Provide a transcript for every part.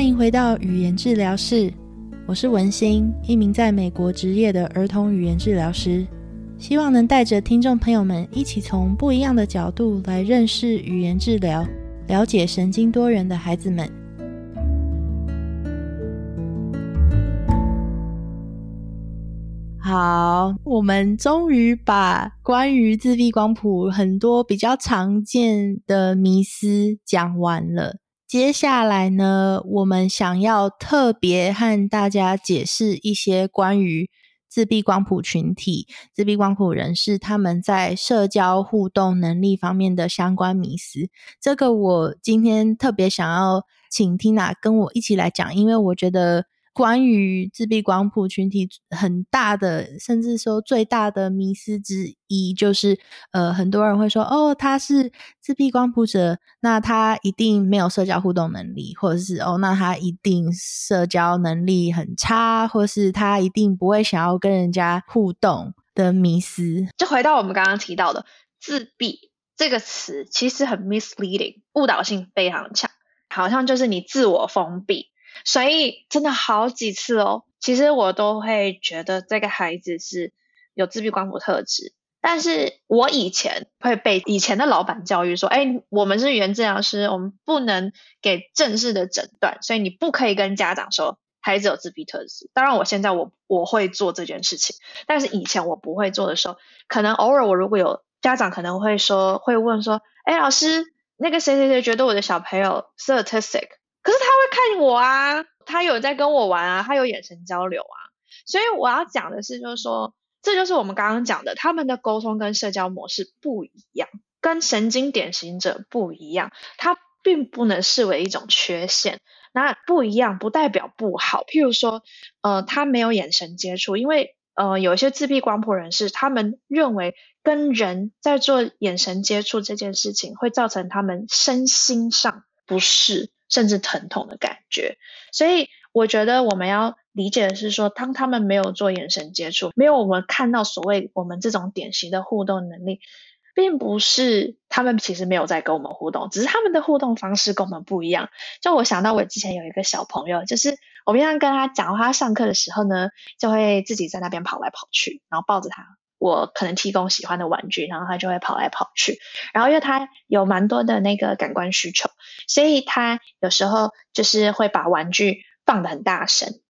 歡迎回到語言摯聊室，我是文心，一名在美國執業的兒童語言治療師，希望能帶着聽眾朋友們一起從不一樣的角度來認識語言治療，了解神經多元的孩子們。好，我們終於把關於自閉光譜很多比較常見的迷思講完了。接下來呢，我們想要特別和大家解釋一些關於自閉光譜群體、自閉光譜人士他們在社交互動能力方面的相關迷思。這個我今天特別想要請 Tina 跟我一起來講，因為我覺得。關於自閉光譜群體很大的，甚至說最大的迷思之一，就是呃，很多人會說哦，他是自閉光譜者，那他一定沒有社交互動能力，或者是哦，那他一定社交能力很差，或者是他一定不會想要跟人家互動的迷思。就回到我們剛剛提到的“自閉”這個詞，其實很 misleading，誤導性非常強，好像就是你自我封閉。所以真的好幾次哦，其實我都會覺得這個孩子是有自閉光譜特質。但是我以前會被以前的老闆教育說，哎、欸，我們是語言治療師，我們不能給正式的診斷，所以你不可以跟家長說孩子有自閉特質。當然，我現在我我會做這件事情，但是以前我不會做的時候，可能偶爾我如果有家長可能會說，會問說，哎、欸，老師，那個誰誰誰覺得我的小朋友是 autistic。可是他會看我啊，他有在跟我玩啊，他有眼神交流啊，所以我要講的是，就是說，這就是我們剛剛講的，他們的溝通跟社交模式不一樣，跟神經典型者不一樣，他並不能視為一種缺陷。那不一樣不代表不好。譬如說，呃，他沒有眼神接觸，因為呃，有一些自閉光譜人士，他們認為跟人在做眼神接觸這件事情會造成他們身心上不適。甚至疼痛的感覺，所以我覺得我們要理解的是說，當他們沒有做眼神接觸，沒有我們看到所謂我們這種典型的互動能力，並不是他們其實沒有在跟我們互動，只是他們的互動方式跟我們不一樣。就我想到我之前有一個小朋友，就是我平常跟他講話，他上課的時候呢，就會自己在那邊跑來跑去，然後抱着他。我可能提供喜歡的玩具，然後他就會跑來跑去。然後因為他有蠻多的那個感官需求，所以他有時候就是會把玩具放得很大聲。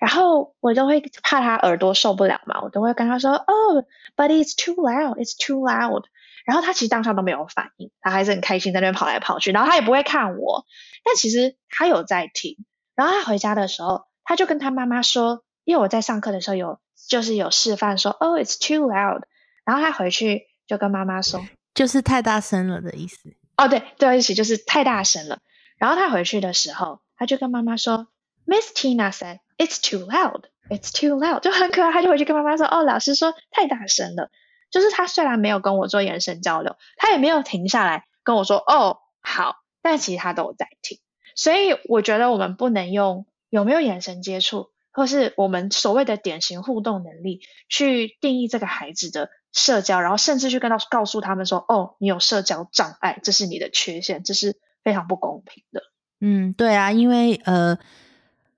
然後我都會怕他耳朵受不了嘛，我都會跟他說：“Oh, but it's too loud, it's too loud。”然後他其實當下都沒有反應，他還是很開心在那邊跑來跑去。然後他也不會看我，但其實他有在聽。然後他回家的時候，他就跟他媽媽說：“因為我在上課的時候有。”就是有示範說，Oh, it's too loud。然後他回去就跟媽媽說，就是太大聲了的意思。哦、oh,，對，對不起，就是太大聲了。然後他回去的時候，他就跟媽媽說，Miss Tina said it's too loud, it's too loud，就很可愛。他就回去跟媽媽說，哦、oh,，老師說太大聲了。就是他雖然沒有跟我做眼神交流，他也沒有停下來跟我說，哦、oh,，好。但其他都在聽，所以我覺得我們不能用有沒有眼神接觸。或是我們所謂的典型互動能力，去定義這個孩子的社交，然後甚至去跟他告訴他們說：“哦，你有社交障礙，這是你的缺陷，這是非常不公平的。”嗯，對啊，因為呃，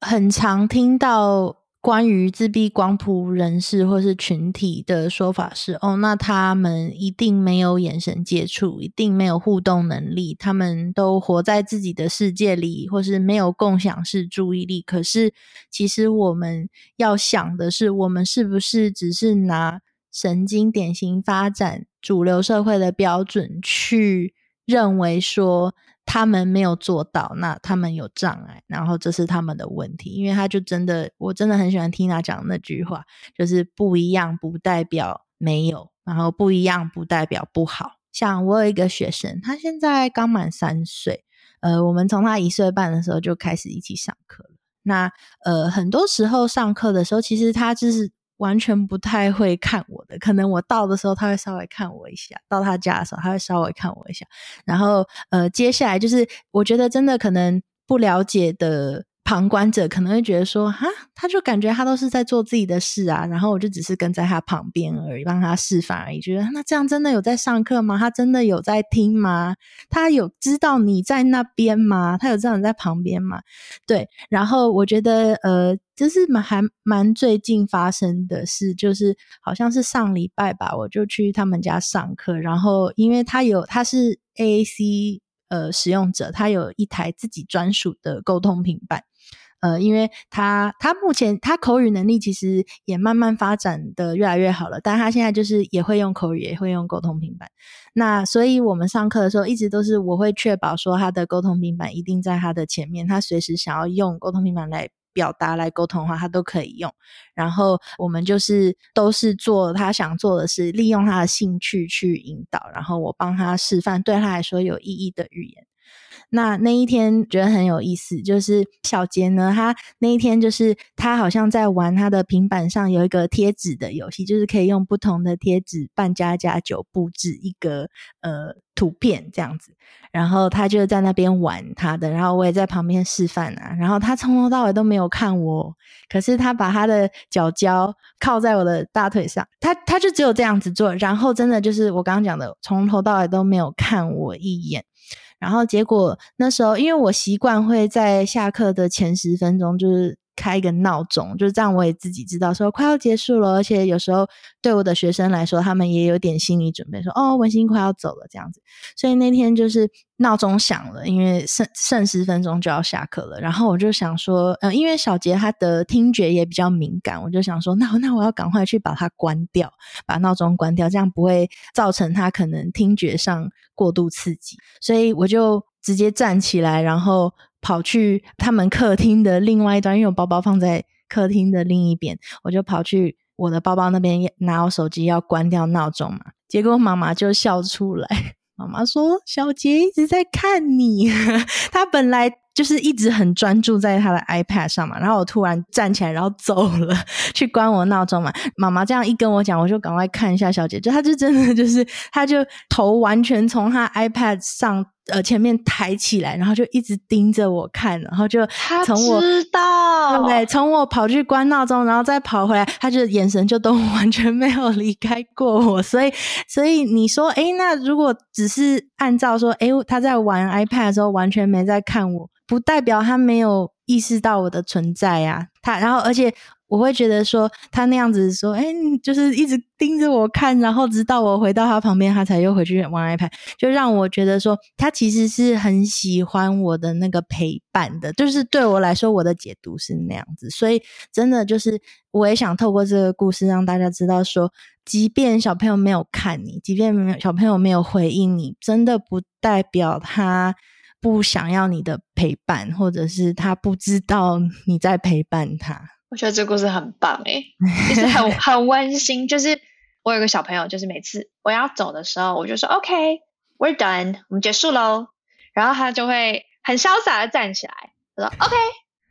很常聽到。關於自閉光譜人士或是群體的說法是：哦，那他們一定沒有眼神接觸，一定沒有互動能力，他們都活在自己的世界裡，或是沒有共享式注意力。可是，其實我們要想的是，我們是不是只是拿神經典型發展主流社會的標準去認為說，他們沒有做到，那他們有障礙，然後這是他們的問題。因為他就真的，我真的很喜歡 Tina 講的那句話，就是不一樣不代表沒有，然後不一樣不代表不好。像我有一個學生，他現在剛滿三歲，呃，我們從他一歲半的時候就開始一起上課了。那呃，很多時候上課的時候，其實他就是，完全不太會看我的，可能我到的時候他會稍微看我一下，到他家的時候他會稍微看我一下，然後呃，接下來就是我覺得真的可能不了解的。旁觀者可能會覺得說：“哈，他就感覺他都是在做自己的事啊，然後我就只是跟在他旁邊而已，幫他示範而已。覺得那這樣真的有在上課嗎？他真的有在聽嗎？他有知道你在那邊嗎？他有知道你在旁邊嗎？對。然後我覺得，呃，就是蠻還蠻最近發生的事，就是好像是上禮拜吧，我就去他們家上課，然後因為他有，他是 AAC。”呃，使用者他有一台自己專屬的溝通平板，呃，因為他他目前他口語能力其實也慢慢發展的越來越好了，但他現在就是也會用口語，也會用溝通平板。那所以我們上課的時候一直都是我會確保說他的溝通平板一定在他的前面，他隨時想要用溝通平板來。表達來溝通的話，他都可以用。然後我們就是都是做他想做的事，利用他的興趣去引導，然後我幫他示範，對他來說有意義的語言。那那一天覺得很有意思，就是小杰呢，他那一天就是他好像在玩他的平板上有一個貼紙的遊戲，就是可以用不同的貼紙扮家家酒佈置一個呃圖片這樣子，然後他就在那邊玩他的，然後我也在旁邊示範啊，然後他從頭到尾都沒有看我，可是他把他的腳腳靠在我的大腿上，他他就只有這樣子做，然後真的就是我剛剛講的，從頭到尾都沒有看我一眼。然後結果那時候，因為我習慣會在下課的前十分鐘就，就是。開一個鬧鐘，就這樣我也自己知道說快要結束了，而且有時候對我的學生來說，他們也有點心理準備說，說哦文心快要走了這樣子。所以那天就是鬧鐘響了，因為剩剩十分鐘就要下課了，然後我就想說，嗯、呃，因為小杰他的聽覺也比較敏感，我就想說，那那我要趕快去把它關掉，把鬧鐘關掉，這樣不會造成他可能聽覺上過度刺激。所以我就直接站起來，然後。跑去他們客廳的另外一端，因為我包包放在客廳的另一邊，我就跑去我的包包那邊拿我手機要關掉鬧鐘嘛。結果媽媽就笑出來，媽媽說：“小杰一直在看你，他 本來就是一直很專注在他的 iPad 上嘛。”然後我突然站起來，然後走了去關我鬧鐘嘛。媽媽這樣一跟我講，我就趕快看一下小杰，就他就真的就是他就頭完全從他 iPad 上。呃，前面抬起來，然後就一直盯着我看，然後就從我他我知道對從我跑去關鬧鐘，然後再跑回來，他就是眼神就都完全沒有離開過我，所以，所以你說，誒、欸、那如果只是按照說，誒、欸、他在玩 iPad 的時候完全沒在看我，不代表他沒有意識到我的存在呀、啊，他，然後而且。我會覺得說他那樣子說，誒、欸、就是一直盯着我看，然後直到我回到他旁邊，他才又回去玩 iPad，就讓我覺得說他其實是很喜歡我的那個陪伴的。就是對我來說，我的解讀是那樣子，所以真的就是我也想透過這個故事讓大家知道說，即便小朋友沒有看你，即便小朋友沒有回應你，真的不代表他不想要你的陪伴，或者是他不知道你在陪伴他。我覺得這個故事很棒誒、欸，就是很很溫馨。就是我有個小朋友，就是每次我要走的時候，我就說 OK，We're、okay, done，我們結束嘍。然後他就會很瀟灑的站起來，他說 OK。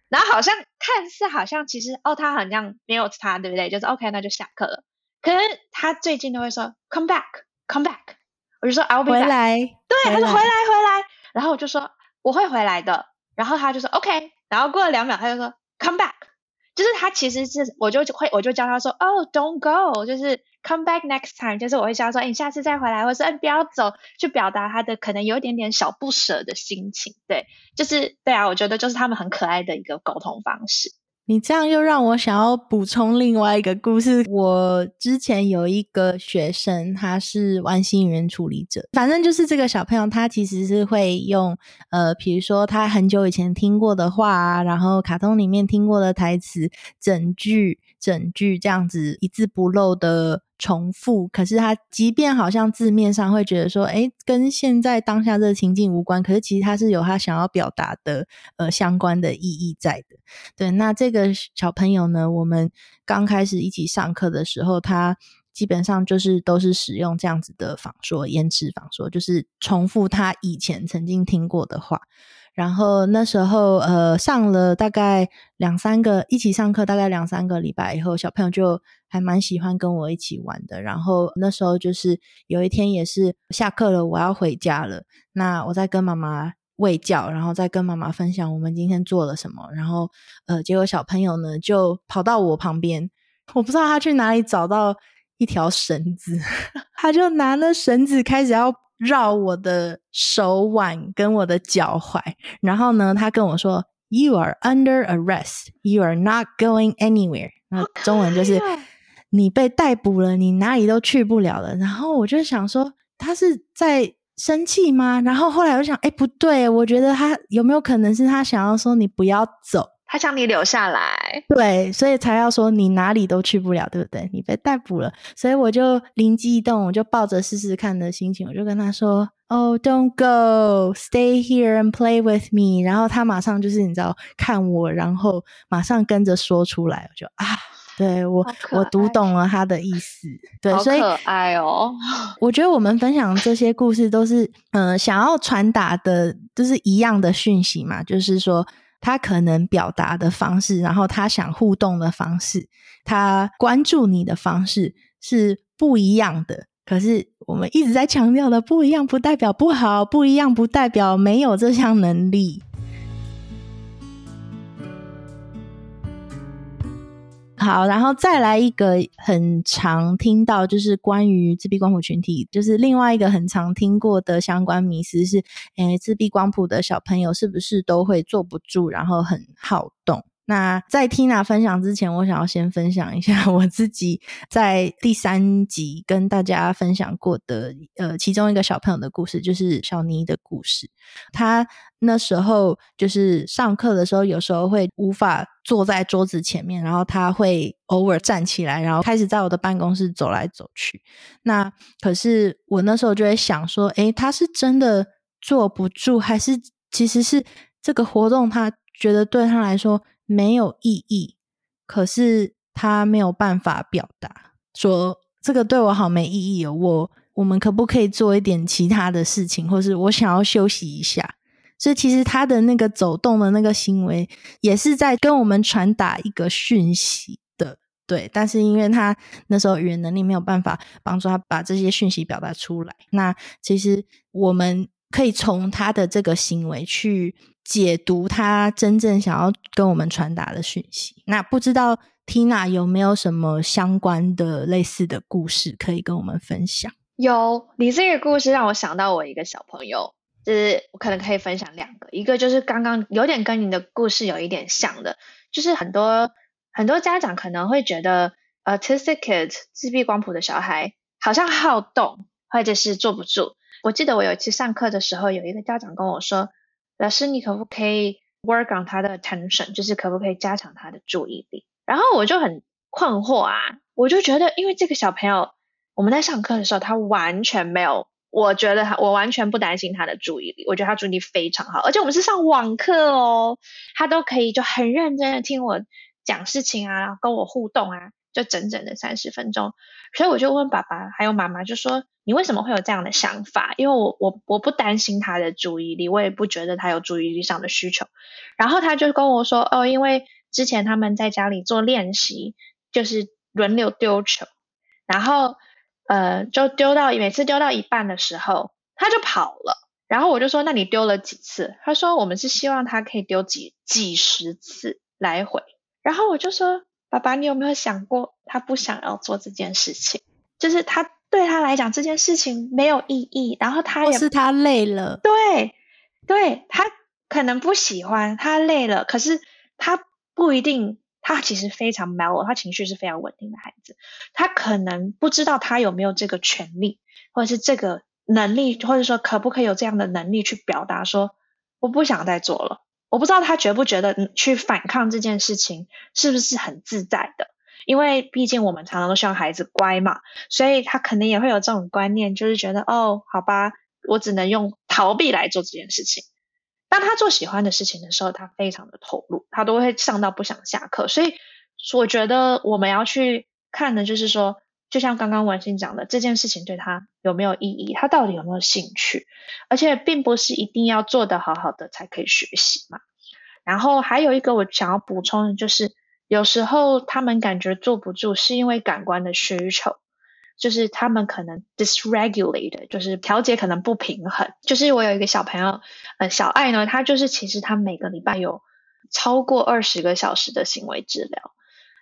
然後好像看似好像其實哦，他好像沒有他，對不對？就是 OK，那就下課了。可是他最近都會說 Come back，Come back。我就說 I'll be back。回來對回來，他說回來回來。然後我就說我會回來的。然後他就說 OK。然後過了兩秒，他就說 Come back。就是他其實是我就會，我就教他說 oh, don't go，就是 come back next time，就是我會教他說，哎，你、欸、下次再回來，或是哎，不要走，去表達他的可能有一點點小不舍的心情。對，就是對啊，我覺得就是他們很可愛的一個溝通方式。你這樣又讓我想要補充另外一個故事。我之前有一個學生，他是完形語言處理者，反正就是這個小朋友，他其實是會用呃，比如說他很久以前聽過的話啊，然後卡通裡面聽過的台詞，整句。整句這樣子一字不漏的重複，可是他即便好像字面上會覺得說，誒、欸、跟現在當下的情境無關，可是其實他是有他想要表達的，呃，相關的意義在的。對，那這個小朋友呢，我們剛開始一起上課的時候，他基本上就是都是使用這樣子的仿說、延遲仿說，就是重複他以前曾經聽過的話。然後那時候，呃，上了大概兩三個一起上課，大概兩三個禮拜以後，小朋友就還蠻喜歡跟我一起玩的。然後那時候就是有一天也是下課了，我要回家了。那我在跟媽媽衛教，然後再跟媽媽分享我們今天做了什麼。然後，呃，結果小朋友呢就跑到我旁邊，我不知道他去哪裡找到一條繩子，呵呵，他就拿了繩子開始要繞我的手腕跟我的腳踝，然後呢，他跟我說：“You are under arrest. You are not going anywhere.” 那，okay. 中文就是“你被逮捕了，你哪裡都去不了了。”然後我就想說，他是在生氣嗎？然後後來我想，哎，不對，我覺得他有沒有可能是他想要說你不要走。他向你留下來，對，所以才要說你哪裡都去不了，對不對？你被逮捕了，所以我就靈機一動，我就抱着試試看的心情，我就跟他說：“哦，Don't go, stay here and play with me。”然後他馬上就是你知道，看我，然後馬上跟着說出來，我就啊，對我，我讀懂了他的意思。對，所以可愛哦。我覺得我們分享這些故事都是，嗯，想要傳達的都是一樣的訊息嘛，就是說。他可能表達的方式，然後他想互動的方式，他關注你的方式是不一樣的。可是我們一直在強調的，不一樣不代表不好，不一樣不代表沒有這項能力。好，然後再來一個很常聽到，就是關於自閉光譜群體，就是另外一個很常聽過的相關迷思是，誒、哎，自閉光譜的小朋友是不是都會坐不住，然後很好動？那在 Tina 分享之前，我想要先分享一下我自己在第三集跟大家分享過的，呃，其中一個小朋友的故事，就是小妮的故事。他那時候就是上課的時候，有時候會無法坐在桌子前面，然後他會偶爾站起來，然後開始在我的辦公室走來走去。那可是我那時候就會想說，誒，他是真的坐不住，還是其實是這個活動他覺得對他來說。沒有意義，可是他沒有辦法表達說，說這個對我好沒意義哦。我我們可不可以做一點其他的事情，或是我想要休息一下？所以其實他的那個走動的那個行為，也是在跟我們傳達一個訊息的，對。但是因為他那時候語言能力沒有辦法幫助他把這些訊息表達出來，那其實我們。可以從他的這個行為去解讀他真正想要跟我們傳達的訊息。那不知道 Tina 有沒有什麼相關的類似的故事可以跟我們分享？有，你這個故事讓我想到我一個小朋友，就是我可能可以分享兩個，一個就是剛剛有點跟你的故事有一點像的，就是很多很多家長可能會覺得，呃，autistic kid 自閉光譜的小孩好像好動，或者是坐不住。我記得我有一次上課的時候，有一個家長跟我說：“老師，你可不可以 work on 他的 attention，就是可不可以加強他的注意力？”然後我就很困惑啊，我就覺得，因為這個小朋友，我們在上課的時候，他完全沒有，我覺得他，我完全不擔心他的注意力，我覺得他注意力非常好，而且我們是上網課哦，他都可以就很認真的聽我講事情啊，跟我互動啊。就整整的三十分鐘，所以我就問爸爸還有媽媽，就說你為什麼會有這樣的想法？因為我我我不擔心他的注意力，我也不覺得他有注意力上的需求。然後他就跟我說：“哦，因為之前他們在家裡做練習，就是輪流丟球，然後呃，就丟到每次丟到一半的時候他就跑了。然後我就說：那你丟了幾次？他說：我們是希望他可以丟幾幾十次來回。然後我就說。”爸爸，你有沒有想過，他不想要做這件事情，就是他對他來講這件事情沒有意義，然後他也，或是他累了，對，對他可能不喜歡，他累了，可是他不一定，他其實非常 mellow 他情緒是非常穩定的孩子，他可能不知道他有沒有這個權利，或者是這個能力，或者說可不可以有這樣的能力去表達說，我不想再做了。我不知道他覺不覺得去反抗這件事情是不是很自在的，因為畢竟我們常常都希望孩子乖嘛，所以他肯定也會有這種觀念，就是覺得哦，好吧，我只能用逃避來做這件事情。當他做喜歡的事情的時候，他非常的投入，他都會上到不想下課。所以我覺得我們要去看的，就是說。就像剛剛文心講的，這件事情對他有沒有意義？他到底有沒有興趣？而且並不是一定要做得好好的才可以學習嘛。然後還有一個我想要補充的就是，有時候他們感覺坐不住，是因為感官的需求，就是他們可能 dysregulate，就是調節可能不平衡。就是我有一個小朋友，呃，小艾呢，他就是其實他每個禮拜有超過二十個小時的行為治療，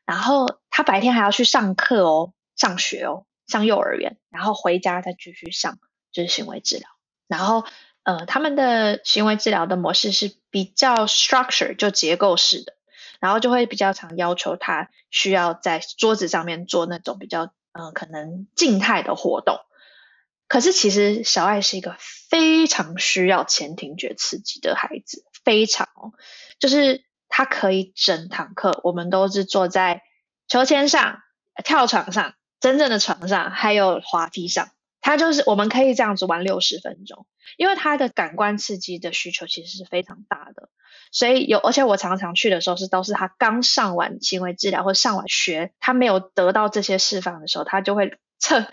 然後他白天還要去上課哦。上學哦，上幼兒園，然後回家再繼續上，就是行為治療。然後，呃，他們的行為治療的模式是比較 structure，就結構式的，然後就會比較常要求他需要在桌子上面做那種比較呃可能靜態的活動。可是其實小愛是一個非常需要前庭覺刺激的孩子，非常就是他可以整堂課我們都是坐在秋千上、呃、跳床上。真正的床上還有滑梯上，他就是我們可以這樣子玩六十分鐘，因為他的感官刺激的需求其實是非常大的，所以有而且我常常去的時候是都是他剛上完行為治療或上完學，他沒有得到這些釋放的時候，他就會趁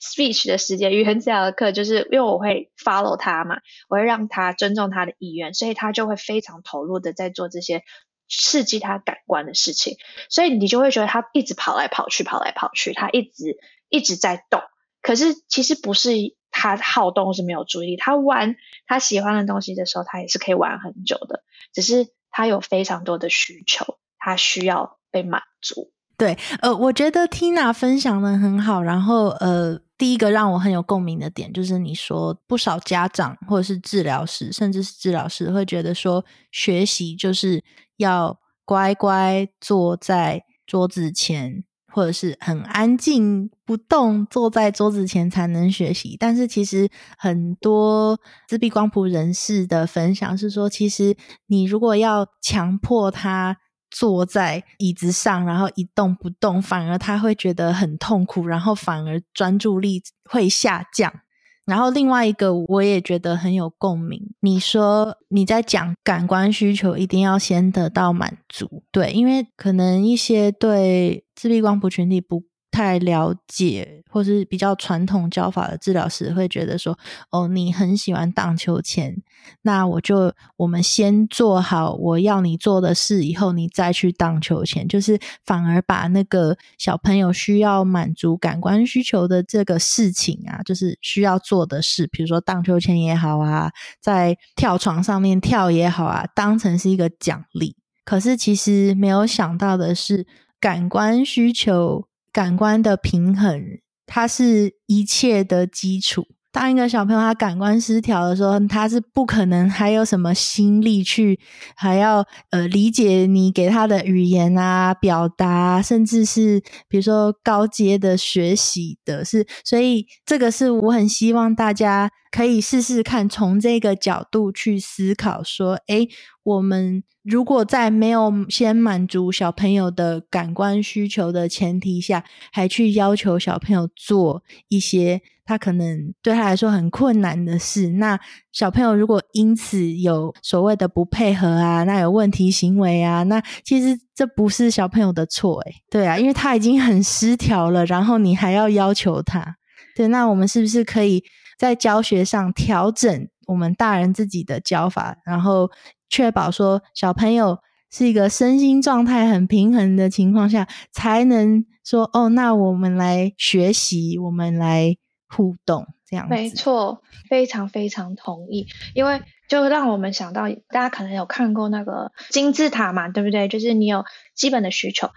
speech 的時間語言治療課，就是因為我會 follow 他嘛，我會讓他尊重他的意願，所以他就會非常投入的在做這些。刺激他感官的事情，所以你就會覺得他一直跑來跑去，跑來跑去，他一直一直在動。可是其實不是他好動，是沒有注意力，他玩他喜歡的東西的時候，他也是可以玩很久的。只是他有非常多的需求，他需要被滿足。對，呃，我覺得 Tina 分享得很好。然後呃，第一個讓我很有共鳴的點就是你說不少家長或者是治療師，甚至是治療師會覺得說，學習就是。要乖乖坐在桌子前，或者是很安靜不動坐在桌子前才能學習。但是其實很多自閉光譜人士的分享是說，其實你如果要強迫他坐在椅子上，然後一動不動，反而他會覺得很痛苦，然後反而專注力會下降。然後另外一個，我也覺得很有共鳴。你說你在講，感官需求一定要先得到滿足，對，因為可能一些對自閉光譜群體不太了解，或是比較傳統教法的治療師會覺得說：“哦，你很喜歡盪秋千，那我就我們先做好我要你做的事，以後你再去盪秋千。”就是反而把那個小朋友需要滿足感官需求的這個事情啊，就是需要做的事，比如說盪秋千也好啊，在跳床上面跳也好啊，當成是一個獎勵。可是其實沒有想到的是，感官需求。感官的平衡，它是一切的基礎。當一個小朋友他感官失調的時候，他是不可能還有什麼心力去還要呃理解你給他的語言啊、表達，甚至是比如說高階的學習的。是，所以這個是我很希望大家可以試試看，從這個角度去思考說，誒，我們。如果在沒有先滿足小朋友的感官需求的前提下，還去要求小朋友做一些他可能對他來說很困難的事，那小朋友如果因此有所謂的不配合啊，那有問題行為啊，那其實這不是小朋友的錯誒。對啊，因為他已經很失調了，然後你還要要求他。對，那我們是不是可以在教學上調整我們大人自己的教法，然後，確保說小朋友是一個身心狀態很平衡的情況下，才能說哦，那我們來學習，我們來互動這樣子。沒錯，非常非常同意，因為就讓我們想到大家可能有看過那個金字塔嘛，對不對？就是你有基本的需求，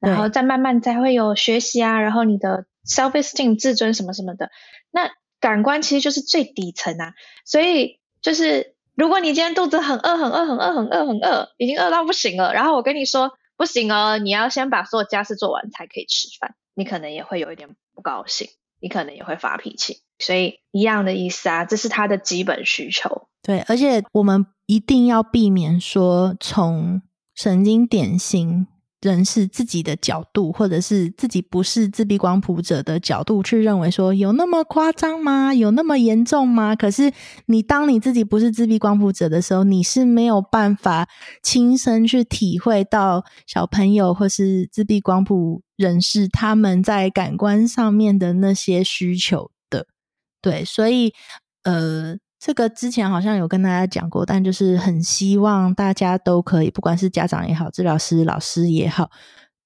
然後再慢慢才會有學習啊，然後你的 self-esteem 自尊什麼什麼的，那感官其實就是最底層啊，所以就是。如果你今天肚子很餓很餓很餓很餓很餓，已經餓到不行了，然後我跟你說不行哦，你要先把所有家事做完才可以吃飯，你可能也會有一點不高興，你可能也會發脾氣，所以一樣的意思啊，這是他的基本需求。對，而且我們一定要避免說，從神經典型。人士自己的角度，或者是自己不是自閉光譜者的角度去認為說，有那麼誇張嗎？有那麼嚴重嗎？可是你當你自己不是自閉光譜者的時候，你是沒有辦法親身去體會到小朋友或是自閉光譜人士他們在感官上面的那些需求的。對，所以呃。這個之前好像有跟大家講過，但就是很希望大家都可以，不管是家長也好，治療師、老師也好，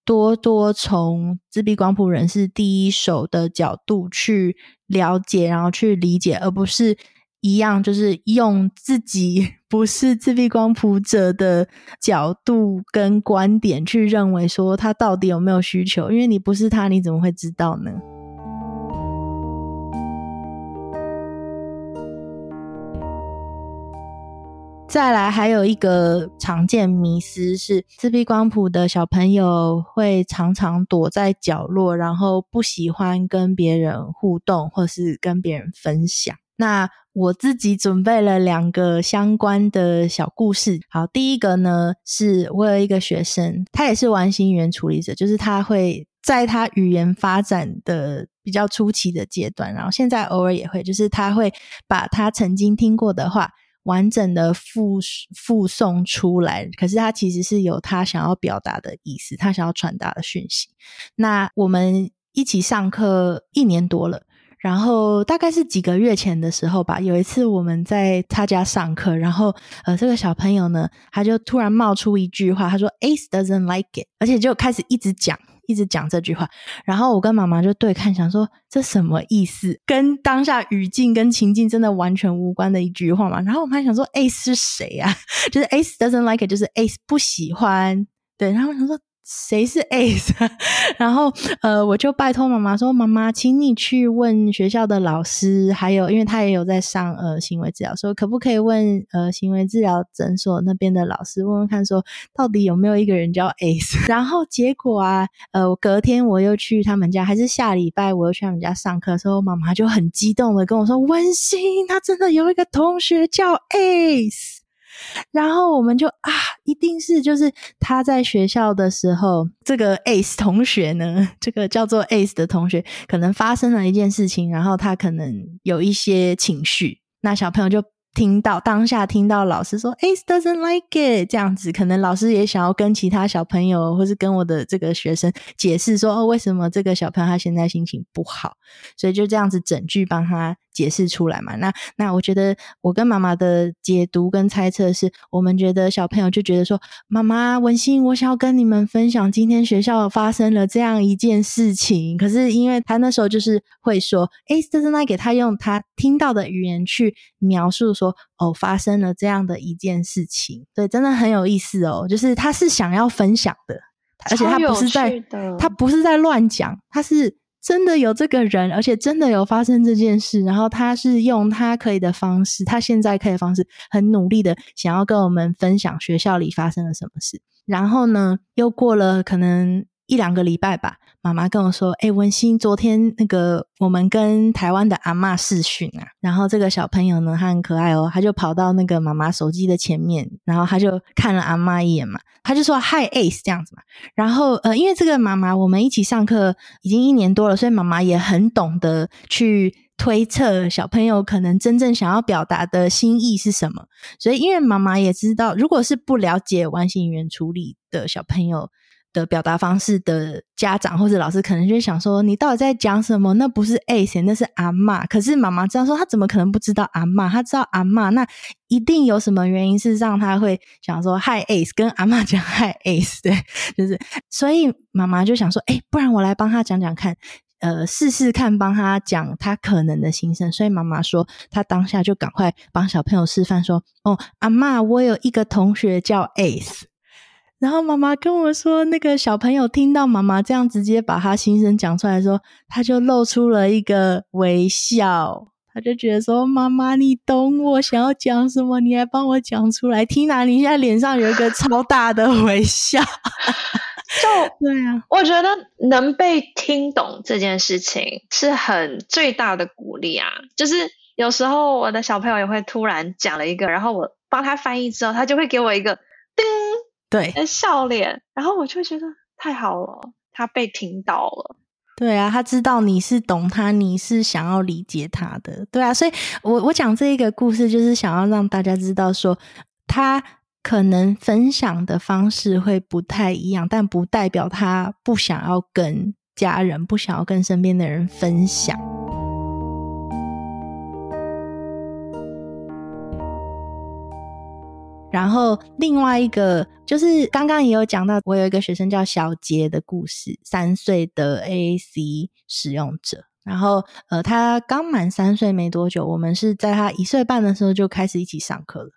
多多從自閉光譜人士第一手的角度去了解，然後去理解，而不是一樣就是用自己不是自閉光譜者的角度跟觀點去認為說他到底有沒有需求，因為你不是他，你怎麼會知道呢？再來，還有一個常見迷思是，自閉光譜的小朋友會常常躲在角落，然後不喜歡跟別人互動，或是跟別人分享。那我自己準備了兩個相關的小故事。好，第一個呢，是我有一個學生，他也是完形語言處理者，就是他會在他語言發展的比較初期的階段，然後現在偶爾也會，就是他會把他曾經聽過的話。完整的複複誦出來，可是他其實是有他想要表達的意思，他想要傳達的訊息。那我們一起上課一年多了，然後大概是幾個月前的時候吧，有一次我們在他家上課，然後呃，這個小朋友呢，他就突然冒出一句話，他說：“Ace doesn't like it”，而且就開始一直講。一直講這句話，然後我跟媽媽就對看，想說這什麼意思？跟當下語境跟情境真的完全無關的一句話嘛？然後我還想說，Ace、欸、是誰啊，就是 Ace doesn't like it，就是 Ace 不喜歡。對，然後我想說。誰是 Ace？ 然後呃，我就拜托媽媽說：“媽媽，請你去問學校的老師，還有因為他也有在上呃行為治療，說可不可以問呃行為治療診所那邊的老師問問看說，說到底有沒有一個人叫 Ace？” 然後結果啊，呃，隔天我又去他們家，還是下禮拜我又去他們家上課的時候，媽媽就很激動的跟我說：“溫馨，他真的有一個同學叫 Ace。”然後我們就啊，一定是就是他在學校的時候，這個 Ace 同學呢，這個叫做 Ace 的同學，可能發生了一件事情，然後他可能有一些情緒。那小朋友就聽到當下聽到老師說 Ace doesn't like it 這樣子，可能老師也想要跟其他小朋友，或是跟我的這個學生解釋說哦，為什麼這個小朋友他現在心情不好，所以就這樣子整句幫他。解釋出來嘛？那那我覺得我跟媽媽的解讀跟猜測是，我們覺得小朋友就覺得說，媽媽，文心，我想要跟你們分享今天學校發生了這樣一件事情。可是因為他那時候就是會說，誒，欸，這是那給他用他聽到的語言去描述說，哦，發生了這樣的一件事情。對，真的很有意思哦，就是他是想要分享的，而且他不是在，他不是在亂講，他是。真的有這個人，而且真的有發生這件事。然後他是用他可以的方式，他現在可以的方式，很努力的想要跟我們分享學校裡發生了什麼事。然後呢，又過了可能一兩個禮拜吧。媽媽跟我說：“哎、欸，文心，昨天那個我們跟台灣的阿媽視訊啊，然後這個小朋友呢，他很可愛哦，他就跑到那個媽媽手機的前面，然後他就看了阿媽一眼嘛，他就說 ‘Hi Ace’ 這樣子嘛。然後呃，因為這個媽媽我們一起上課已經一年多了，所以媽媽也很懂得去推測小朋友可能真正想要表達的心意是什麼。所以因為媽媽也知道，如果是不了解完形語言處理的小朋友。”的表達方式的家長或者老師，可能就想說：“你到底在講什麼？那不是 Ace，那是阿媽。”可是媽媽知道說：“她怎麼可能不知道阿媽？她知道阿媽，那一定有什麼原因是讓她會想說 ‘Hi Ace’，跟阿媽講 ‘Hi Ace’，對，就是。”所以媽媽就想說：“哎、欸，不然我來幫她講講看，呃，試試看幫她講她可能的心聲。”所以媽媽說：“她當下就趕快幫小朋友示範說：‘哦，阿媽，我有一個同學叫 Ace。’”然後媽媽跟我說，那個小朋友聽到媽媽這樣，直接把他心聲講出來的時候，說他就露出了一個微笑，他就覺得說：“媽媽，你懂我想要講什麼，你來幫我講出來聽啊！”你現在臉上有一個超大的微笑，就、 so, 對啊。我覺得能被聽懂這件事情是很最大的鼓勵啊。就是有時候我的小朋友也會突然講了一個，然後我幫他翻譯之後，他就會給我一個叮。對，笑臉，然後我就覺得太好了，他被聽到了。對啊，他知道你是懂他，你是想要理解他的。對啊，所以我我講這一個故事，就是想要讓大家知道說他可能分享的方式會不太一樣，但不代表他不想要跟家人，不想要跟身邊的人分享。然後另外一個就是剛剛也有講到，我有一個學生叫小杰的故事，三歲的 AAC 使用者。然後呃，他剛滿三歲沒多久，我們是在他一歲半的時候就開始一起上課了。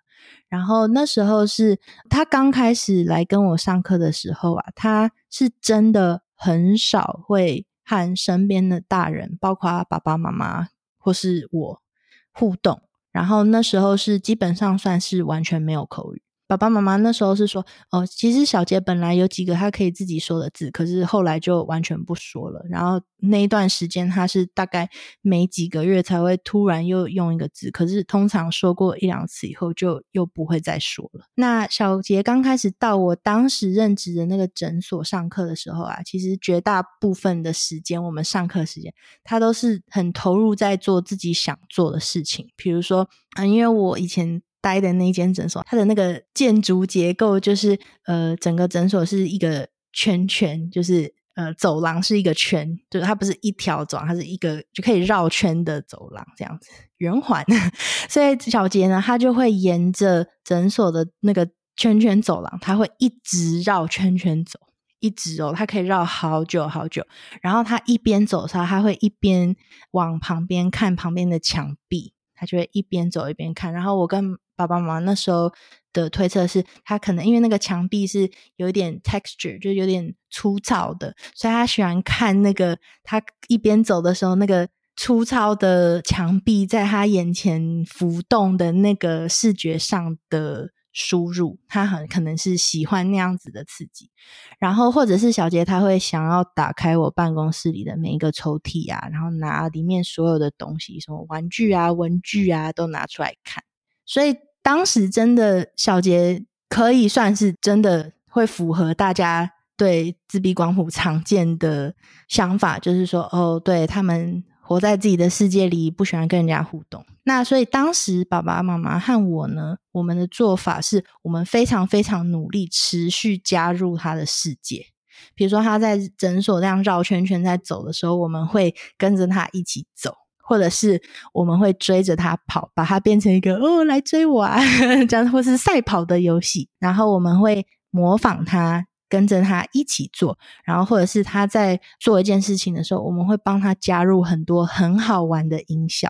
然後那時候是他剛開始來跟我上課的時候啊，他是真的很少會和身邊的大人，包括爸爸媽媽或是我互動。然後那時候是基本上算是完全沒有口語。爸爸媽媽那時候是說哦，其實小杰本來有幾個他可以自己說的字，可是後來就完全不說了。然後那一段時間，他是大概每幾個月才會突然又用一個字，可是通常說過一兩次以後，就又不會再說了。那小杰剛開始到我當時任職的那個診所上課的時候啊，其實絕大部分的時間，我們上課時間，他都是很投入在做自己想做的事情，比如說啊，因為我以前。待的那間診所，它的那個建築結構就是，呃，整個診所是一個圈圈，就是呃，走廊是一個圈，就是它不是一條走廊，它是一個就可以繞圈的走廊，這樣子圓環。 所以小杰呢，他就會沿着診所的那個圈圈走廊，他會一直繞圈圈走，一直哦，它可以繞好久好久。然後他一邊走，他會一邊往旁邊看旁邊的牆壁。他就會一邊走一邊看，然後我跟爸爸媽媽那時候的推測是，他可能因為那個牆壁是有一點 texture，就有點粗糙的，所以他喜歡看那個，他一邊走的時候那個粗糙的牆壁在他眼前浮動的那個視覺上的輸入，他很可能是喜歡那樣子的刺激，然後或者是小杰他會想要打開我辦公室裡的每一個抽屜啊，然後拿裡面所有的東西，什麼玩具啊、文具啊都拿出來看。所以當時真的小杰可以算是真的會符合大家對自閉光譜常見的想法，就是說哦，對他們，活在自己的世界裡，不喜歡跟人家互動。那所以當時爸爸媽媽和我呢，我們的做法是我們非常非常努力，持續加入他的世界。比如說他在診所這樣繞圈圈在走的時候，我們會跟着他一起走，或者是我們會追着他跑，把他變成一個哦，來追我啊呵呵這樣，或是賽跑的遊戲。然後我們會模仿他。跟着他一起做，然後或者是他在做一件事情的時候，我們會幫他加入很多很好玩的音效。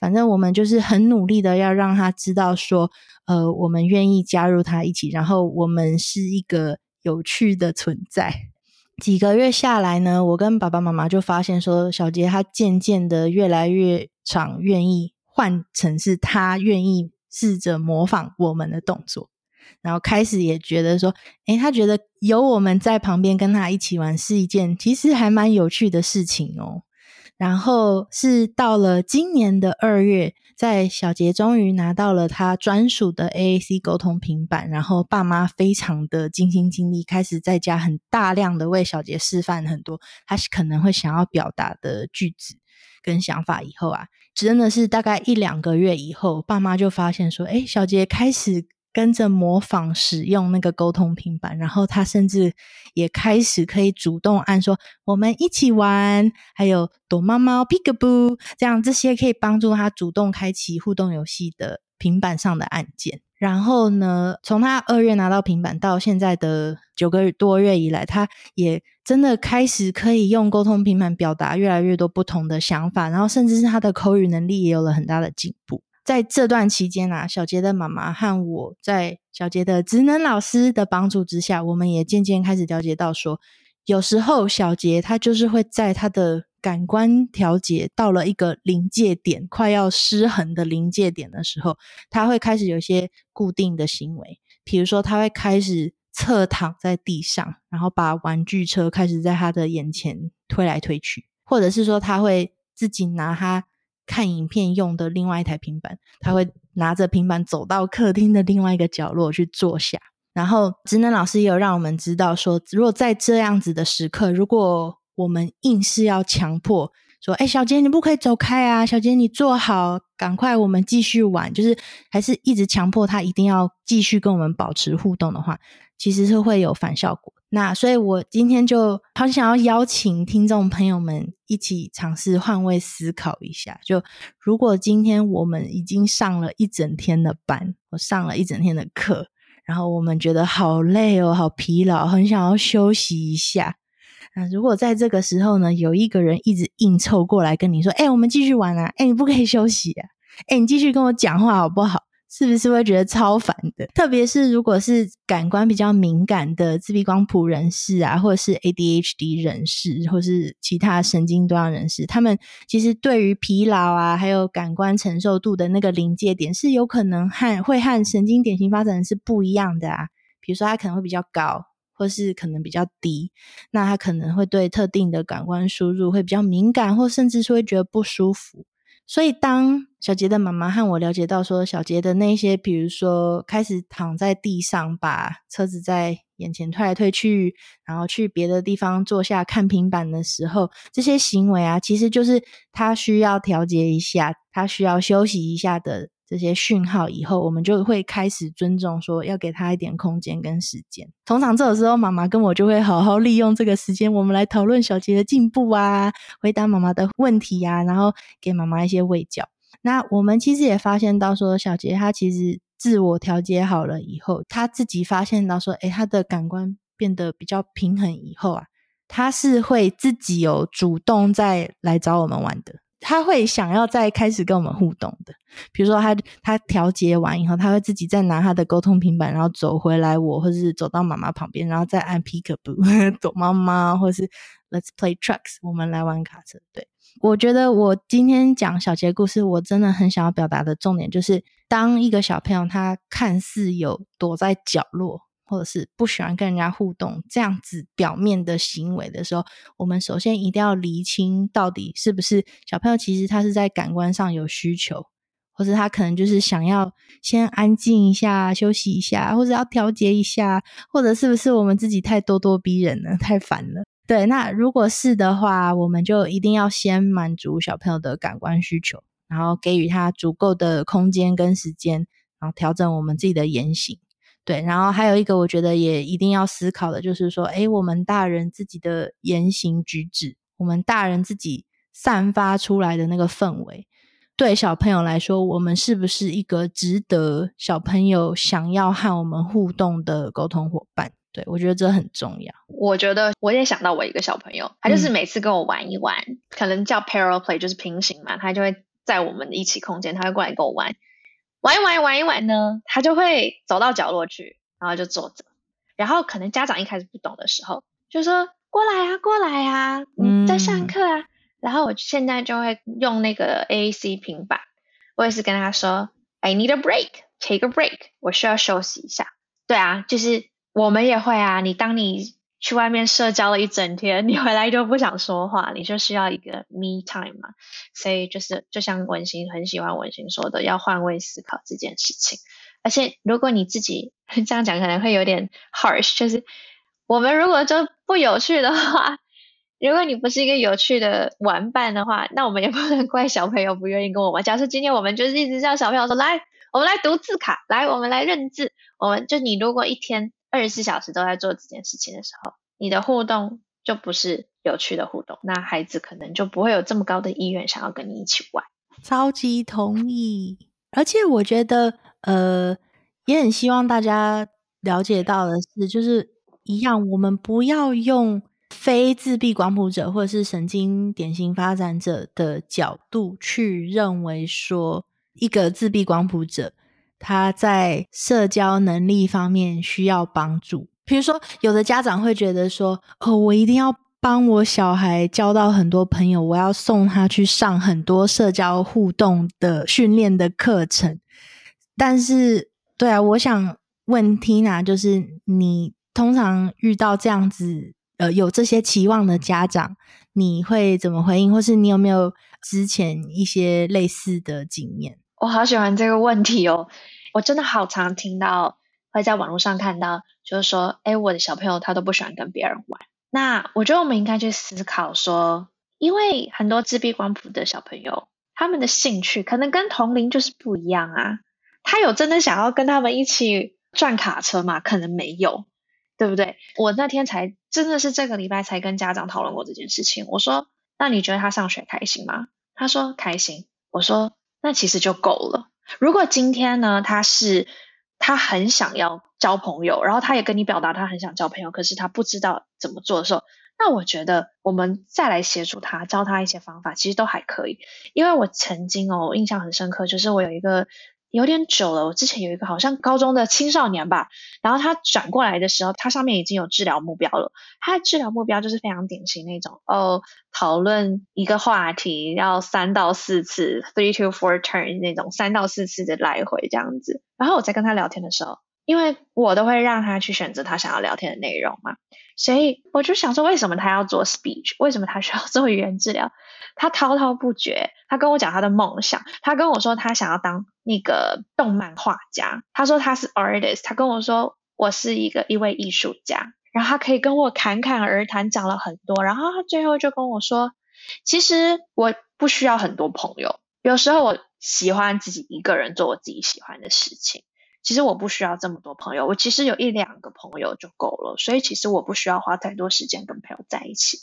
反正我們就是很努力的要讓他知道說，呃，我們願意加入他一起，然後我們是一個有趣的存在。幾個月下來呢，我跟爸爸媽媽就發現說，小杰他漸漸的越來越常願意換成是他願意試着模仿我們的動作。然後開始也覺得說，誒，他覺得有我們在旁邊跟他一起玩是一件其實還蠻有趣的事情哦。然後是到了今年的二月，在小杰終於拿到了他專屬的 AAC 溝通平板，然後爸媽非常的盡心盡力，開始在家很大量的為小杰示範很多他是可能會想要表達的句子跟想法。以後啊，真的是大概一兩個月以後，爸媽就發現說，哎，小杰開始。跟着模仿使用那個溝通平板，然後他甚至也開始可以主動按說“我們一起玩”，還有“躲貓貓 peekaboo” 這樣這些，可以幫助他主動開啟互動遊戲的平板上的按鍵。然後呢，從他二月拿到平板到現在的九個多月以來，他也真的開始可以用溝通平板表達越來越多不同的想法，然後甚至是他的口語能力也有了很大的進步。在這段期間啊，小杰的媽媽和我在小杰的職能老師的幫助之下，我們也漸漸開始了解到說，說有時候小杰他就是會在他的感官調節到了一個臨界點，快要失衡的臨界點的時候，他會開始有一些固定的行為，比如說他會開始側躺在地上，然後把玩具車開始在他的眼前推來推去，或者是說他會自己拿他。看影片用的另外一台平板，他會拿着平板走到客廳的另外一個角落去坐下。然後，職能老師也有讓我們知道說，如果在這樣子的時刻，如果我們硬是要強迫說，哎、欸，小傑你不可以走開啊，小傑你坐好，趕快我們繼續玩，就是還是一直強迫他一定要繼續跟我們保持互動的話，其實是會有反效果。那所以，我今天就好想要邀請聽眾朋友們一起嘗試換位思考一下。就如果今天我們已經上了一整天的班，我上了一整天的課，然後我們覺得好累哦，好疲勞，很想要休息一下。那如果在這個時候呢，有一個人一直硬湊過來跟你說：“哎，我們繼續玩啊！哎，你不可以休息啊！哎，你繼續跟我講話好不好？”是不是會覺得超煩的？特別是如果是感官比較敏感的自閉光譜人士啊，或者是 ADHD 人士，或是其他神經多樣人士，他們其實對於疲勞啊，還有感官承受度的那個臨界點，是有可能和會和神經典型發展是不一樣的啊。比如說，他可能會比較高，或是可能比較低。那他可能會對特定的感官輸入會比較敏感，或甚至是會覺得不舒服。所以，當小杰的媽媽和我了解到說，小杰的那些，比如說開始躺在地上，把車子在眼前推來推去，然後去別的地方坐下看平板的時候，這些行為啊，其實就是他需要調節一下，他需要休息一下的，這些訊號以後，我們就會開始尊重，說要給他一點空間跟時間。通常這個時候，媽媽跟我就會好好利用這個時間，我們來討論小傑的進步啊，回答媽媽的問題呀、啊，然後給媽媽一些衛教。那我們其實也發現到，說小傑他其實自我調節好了以後，他自己發現到說，誒、欸、他的感官變得比較平衡以後啊，他是會自己有主動再來找我們玩的。他會想要再開始跟我們互動的，比如說他他調節完以後，他會自己再拿他的溝通平板，然後走回來我，或者是走到媽媽旁邊，然後再按 Peekaboo 躲媽媽，或是 Let's play trucks，我們來玩卡車。對。我覺得我今天講小杰故事，我真的很想要表達的重點就是，當一個小朋友他看似有躲在角落。或者是不喜歡跟人家互動這樣子表面的行為的時候，我們首先一定要釐清到底是不是小朋友其實他是在感官上有需求，或是他可能就是想要先安靜一下、休息一下，或者要調節一下，或者是不是我們自己太咄咄逼人了，太煩了？對，那如果是的話，我們就一定要先滿足小朋友的感官需求，然後給予他足夠的空間跟時間，然後調整我們自己的言行。對，然後還有一個我覺得也一定要思考的，就是說，哎，我們大人自己的言行舉止，我們大人自己散發出來的那個氛圍，對小朋友來說，我們是不是一個值得小朋友想要和我們互動的溝通夥伴？對，我覺得這很重要。我覺得我也想到我一個小朋友，他就是每次跟我玩一玩，嗯、可能叫 parallel play 就是平行嘛，他就會在我們的一起空間，他會過來跟我玩。玩一玩，玩一玩呢，他就會走到角落去，然後就坐着。然後可能家長一開始不懂的時候，就說：“過來啊，過來啊，嗯，在上課啊。嗯”然後我現在就會用那個 AAC 平板，我也是跟他說、嗯、：“I need a break, take a break，我需要休息一下。”對啊，就是我們也會啊。你當你去外面社交了一整天，你回來就不想說話，你就需要一個 me time 嘛。所以就是，就像文心很喜歡文心說的，要換位思考這件事情。而且如果你自己這樣講，可能會有點 harsh，就是我們如果就不有趣的話，如果你不是一個有趣的玩伴的話，那我們也不能怪小朋友不願意跟我玩。假設今天我們就是一直叫小朋友說，來，我們來讀字卡，來，我們來認字，我們就你如果一天。二十四小時都在做這件事情的時候，你的互動就不是有趣的互動，那孩子可能就不會有這麼高的意願想要跟你一起玩。超級同意，而且我覺得，呃，也很希望大家了解到的是，就是一樣，我們不要用非自閉光譜者或者是神經典型發展者的角度去認為說一個自閉光譜者他在社交能力方面需要幫助，比如說，有的家長會覺得說：“哦，我一定要幫我小孩交到很多朋友，我要送他去上很多社交互動的訓練的課程。”但是，對啊，我想問 Tina，就是你通常遇到這樣子呃有這些期望的家長，你會怎麼回應，或是你有沒有之前一些類似的經驗？我好喜歡這個問題哦，我真的好常聽到會在網絡上看到，就是說，誒、欸，我的小朋友他都不喜歡跟別人玩。那我覺得我們應該去思考說，因為很多自閉光譜的小朋友，他們的興趣可能跟同齡就是不一樣啊。他有真的想要跟他們一起轉卡車嗎？可能沒有，對不對？我那天才真的是這個禮拜才跟家長討論過這件事情。我說，那你覺得他上學開心嗎？他說開心。我說。那其實就夠了。如果今天呢，他是他很想要交朋友，然後他也跟你表達他很想交朋友，可是他不知道怎麼做的時候，那我覺得我們再來協助他，教他一些方法，其實都還可以。因為我曾經哦，印象很深刻，就是我有一個。有點久了，我之前有一個好像高中的青少年吧，然後他轉過來的時候，他上面已經有治療目標了。他的治療目標就是非常典型那種哦，討論一個話題要三到四次 （three to four turns） 那種三到四次的來回這樣子。然後我在跟他聊天的時候，因為我都會讓他去選擇他想要聊天的內容嘛，所以我就想說，為什麼他要做 speech？為什麼他需要做語言治療？他滔滔不絕，他跟我講他的夢想，他跟我說他想要當。那個動漫畫家，他說他是 artist，他跟我說，我是一個一位藝術家，然後他可以跟我侃侃而談，講了很多，然後他最後就跟我說，其實我不需要很多朋友，有時候我喜歡自己一個人做我自己喜歡的事情，其實我不需要這麼多朋友，我其實有一兩個朋友就夠了，所以其實我不需要花太多時間跟朋友在一起，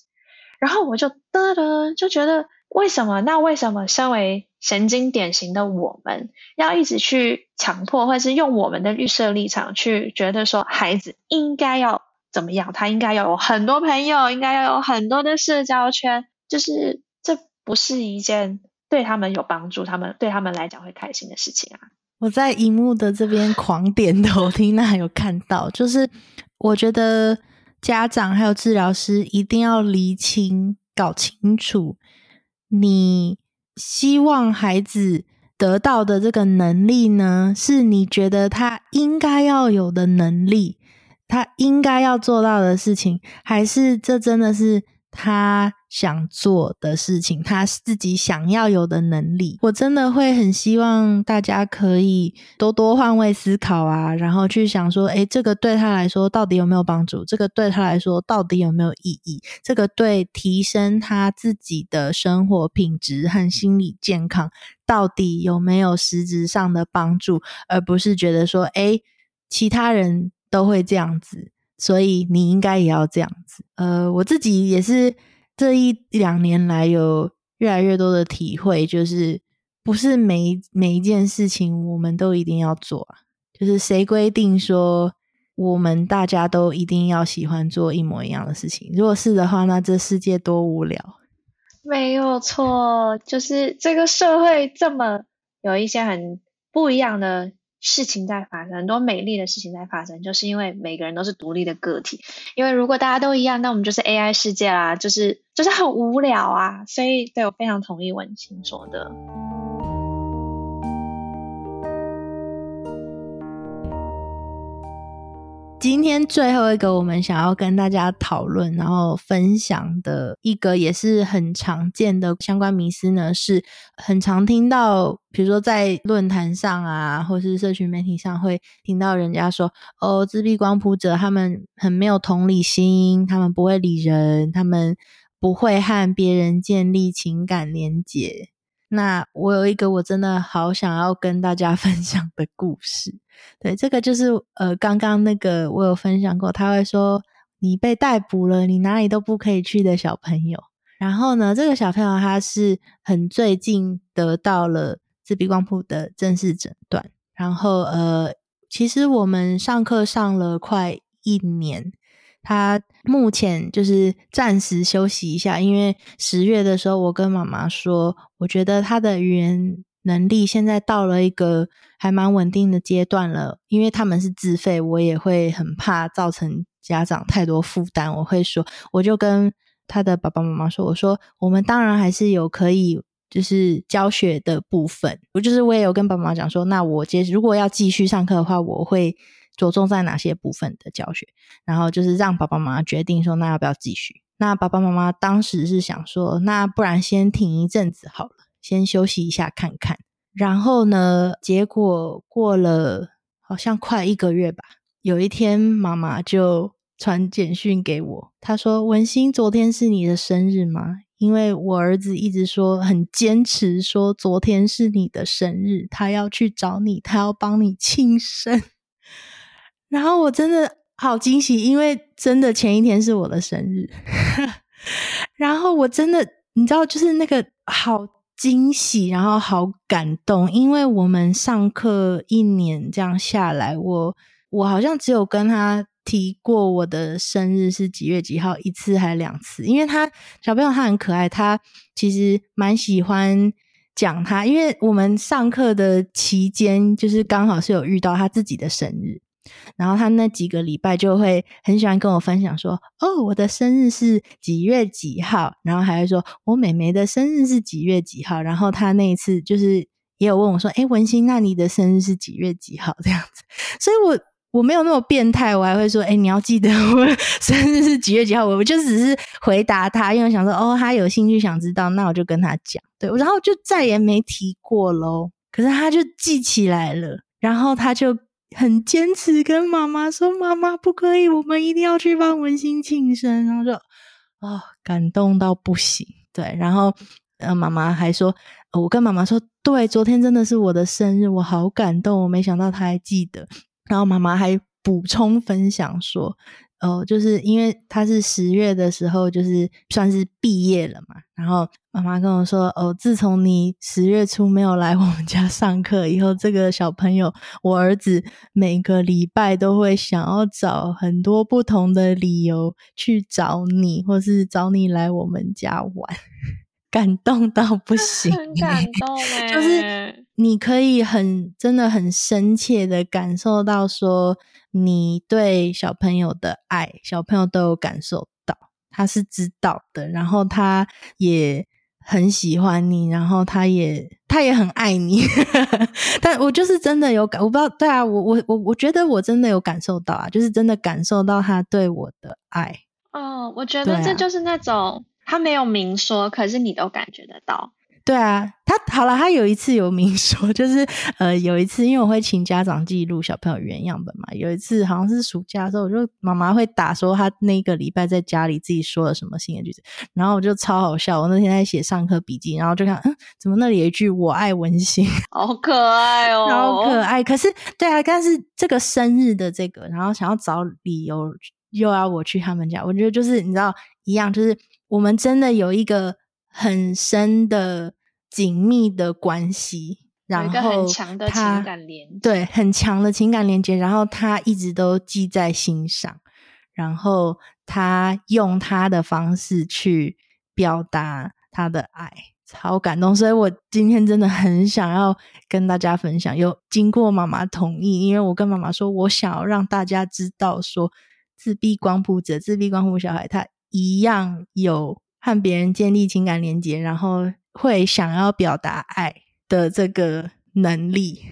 然後我就得得，就覺得為什麼？那為什麼身為？神經典型的我們要一直去強迫，或是用我們的預設立場去覺得說，孩子應該要怎麼樣？他應該要有很多朋友，應該要有很多的社交圈，就是這不是一件對他們有幫助，他們對他們來講會開心的事情啊！我在螢幕的這邊狂點頭， Tina 還有看到，就是我覺得家長還有治療師一定要釐清、搞清楚你。希望孩子得到的這個能力呢，是你覺得他應該要有的能力，他應該要做到的事情，還是這真的是他想做的事情，他自己想要有的能力，我真的會很希望大家可以多多換位思考啊，然後去想說，哎，這個對他來說到底有沒有幫助？這個對他來說到底有沒有意義？這個對提升他自己的生活品質和心理健康到底有沒有實質上的幫助？而不是覺得說，哎，其他人都會這樣子。所以你應該也要這樣子。呃，我自己也是這一兩年來有越來越多的體會，就是不是每每一件事情我們都一定要做啊，就是誰規定說我們大家都一定要喜歡做一模一樣的事情？如果是的話，那這世界多無聊！沒有錯，就是這個社會這麼有一些很不一樣的。事情在發生，很多美麗的事情在發生，就是因為每個人都是獨立的個體。因為如果大家都一樣，那我們就是 AI 世界啦，就是就是很無聊啊。所以，對，我非常同意文青說的。今天最後一個，我們想要跟大家討論，然後分享的一個也是很常見的相關迷思呢，是很常聽到，比如說在論壇上啊，或是社群媒體上會聽到人家說，哦，自閉光譜者他們很沒有同理心，他們不會理人，他們不會和別人建立情感連結。那我有一個我真的好想要跟大家分享的故事，對，這個就是呃，剛剛那個我有分享過，他會說你被逮捕了，你哪裡都不可以去的小朋友。然後呢，這個小朋友他是很最近得到了自閉光譜的正式診斷。然後呃，其實我們上課上了快一年。他目前就是暫時休息一下，因為十月的時候，我跟媽媽說，我覺得他的語言能力現在到了一個還蠻穩定的階段了。因為他們是自費，我也會很怕造成家長太多負擔，我會說，我就跟他的爸爸媽媽說，我說我們當然還是有可以就是教學的部分，我就是我也有跟爸媽講說，那我接如果要繼續上課的話，我會。着重在哪些部分的教學，然後就是讓爸爸媽媽決定說，那要不要繼續？那爸爸媽媽當時是想說，那不然先停一陣子好了，先休息一下看看。然後呢，結果過了好像快一個月吧，有一天媽媽就傳簡訊給我，她說：“文心，昨天是你的生日嗎？”因為我兒子一直說很堅持說昨天是你的生日，他要去找你，他要幫你慶生。然後我真的好驚喜，因為真的前一天是我的生日。 然後我真的你知道，就是那個好驚喜，然後好感動，因為我們上課一年這樣下來，我我好像只有跟他提過我的生日是幾月幾號一次還是兩次，因為他小朋友他很可愛，他其實蠻喜歡講他，因為我們上課的期間就是剛好是有遇到他自己的生日。然後他那幾個禮拜就會很喜歡跟我分享說，哦，我的生日是幾月幾號，然後還會說我妹妹的生日是幾月幾號。然後他那一次就是也有問我說，誒，文心，那你的生日是幾月幾號？這樣子，所以我我沒有那麼變態，我還會說，誒，你要記得我生日是幾月幾號？我我就只是回答他，因為我想說，哦，他有興趣想知道，那我就跟他講。對，然後就再也沒提過嘍。可是他就記起來了，然後他就。很堅持跟媽媽說：“媽媽不可以，我們一定要去幫文心慶生。”然後說：“啊、哦，感動到不行。”對，然後呃，媽媽還說：“我跟媽媽說，對，昨天真的是我的生日，我好感動，我沒想到她還記得。”然後媽媽還補充分享說。哦，就是因為他是十月的時候，就是算是畢業了嘛。然後媽媽跟我說，哦，自從你十月初沒有來我們家上課以後，這個小朋友，我兒子每個禮拜都會想要找很多不同的理由去找你，或是找你來我們家玩。感動到不行、欸， 很感動、欸。就是你可以很真的很深切的感受到，說你對小朋友的愛，小朋友都有感受到，他是知道的，然後他也很喜歡你，然後他也他也很愛你。 但我就是真的有感，我不知道，對啊，我我我我覺得我真的有感受到啊，就是真的感受到他對我的愛。哦，我覺得這就是那種。他沒有明說，可是你都感覺得到。對啊，他好了，他有一次有明說，就是呃，有一次，因為我會請家長記錄小朋友語言樣本嘛。有一次好像是暑假的時候，我就媽媽會打說他那個禮拜在家裡自己說了什麼新的句子，然後我就超好笑。我那天在寫上課筆記，然後就看，嗯，怎麼那裡有一句“我愛文心”，好可愛哦、喔，好可愛。可是對啊，但是這個生日的這個，然後想要找理由又要我去他們家，我覺得就是你知道一樣就是。我們真的有一個很深的緊密的關係，然後他一個很強的情感連接，對，很強的情感連接。然後他一直都記在心上，然後他用他的方式去表達他的愛，超感動。所以我今天真的很想要跟大家分享，有經過媽媽同意，因為我跟媽媽說，我想要讓大家知道，說自閉光譜者、自閉光譜小孩他。一樣有和別人建立情感連接，然後會想要表達愛的這個能力。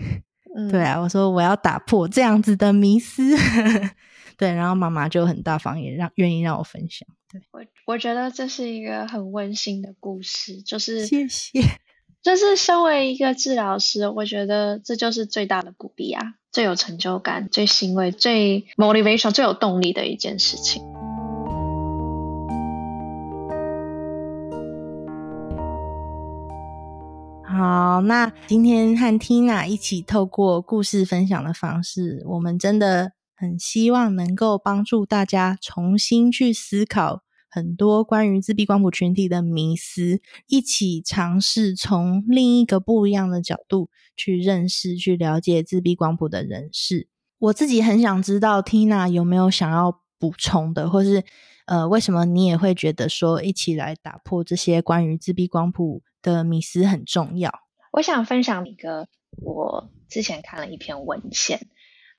嗯。對啊，我說我要打破這樣子的迷思。 對，然後媽媽就很大方，也讓願意讓我分享。對，我我覺得這是一個很溫馨的故事。就是謝謝。就是身為一個治療師，我覺得這就是最大的鼓勵啊，最有成就感、最欣慰、最 motivation、最有動力的一件事情。好，那今天和 Tina 一起透過故事分享的方式，我們真的很希望能夠幫助大家重新去思考很多關於自閉光譜群體的迷思，一起嘗試從另一個不一樣的角度去認識、去了解自閉光譜的人士。我自己很想知道 Tina 有沒有想要補充的，或是。呃，為什麼你也會覺得說一起來打破這些關於自閉光譜的迷思很重要？我想分享一個我之前看了一篇文獻，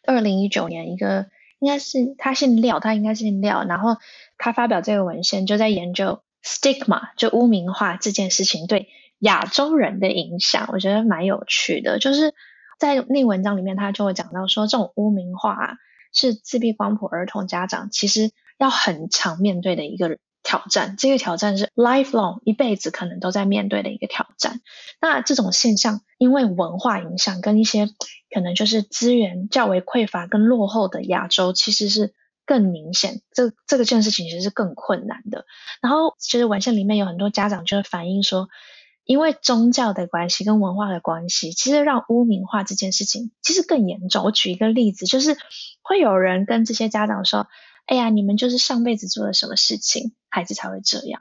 二零一九年一個應該是他姓廖，他應該姓廖，然後他發表這個文獻就在研究 stigma 就污名化這件事情對亞洲人的影響，我覺得蠻有趣的。就是在那文章裡面，他就會講到說，這種污名化啊，是自閉光譜兒童家長其實。要很常面對的一個挑戰，這個挑戰是 lifelong 一輩子可能都在面對的一個挑戰。那這種現象，因為文化影響跟一些可能就是資源較為匱乏跟落後的亞洲，其實是更明顯。這這個件事情其實是更困難的。然後，其實文獻裡面有很多家長就會反映說，因為宗教的關係跟文化的關係，其實讓污名化這件事情其實更嚴重。我舉一個例子，就是會有人跟這些家長說。哎呀，你們就是上輩子做了什麼事情，孩子才會這樣？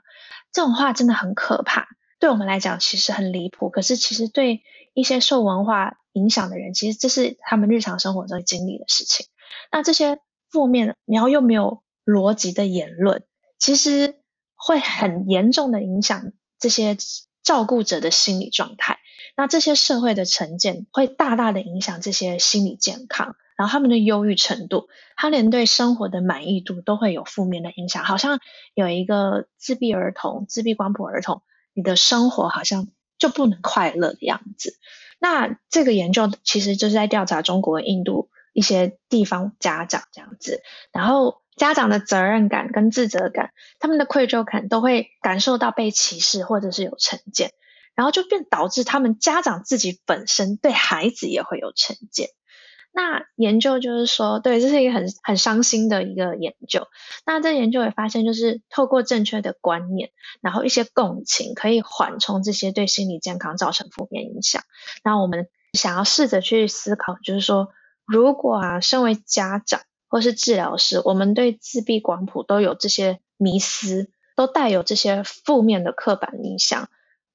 這種話真的很可怕，對我們來講其實很離譜。可是其實對一些受文化影響的人，其實這是他們日常生活中經歷的事情。那這些負面的、然後又沒有邏輯的言論，其實會很嚴重的影響這些照顧者的心理狀態。那這些社會的成見會大大的影響這些心理健康，然後他們的憂鬱程度，他連對生活的滿意度都會有負面的影響。好像有一個自閉兒童、自閉光譜兒童，你的生活好像就不能快樂的樣子。那這個研究其實就是在調查中國、印度一些地方家長這樣子，然後家長的責任感跟自責感，他們的愧疚感都會感受到被歧視或者是有成見。然後就變導致他們家長自己本身對孩子也會有成見。那研究就是說，對，這是一個很很傷心的一個研究。那這研究也發現，就是透過正確的觀念，然後一些共情，可以緩衝這些對心理健康造成負面影響。那我們想要試着去思考，就是說，如果啊，身為家長或是治療師，我們對自閉光譜都有這些迷思，都帶有這些負面的刻板印象，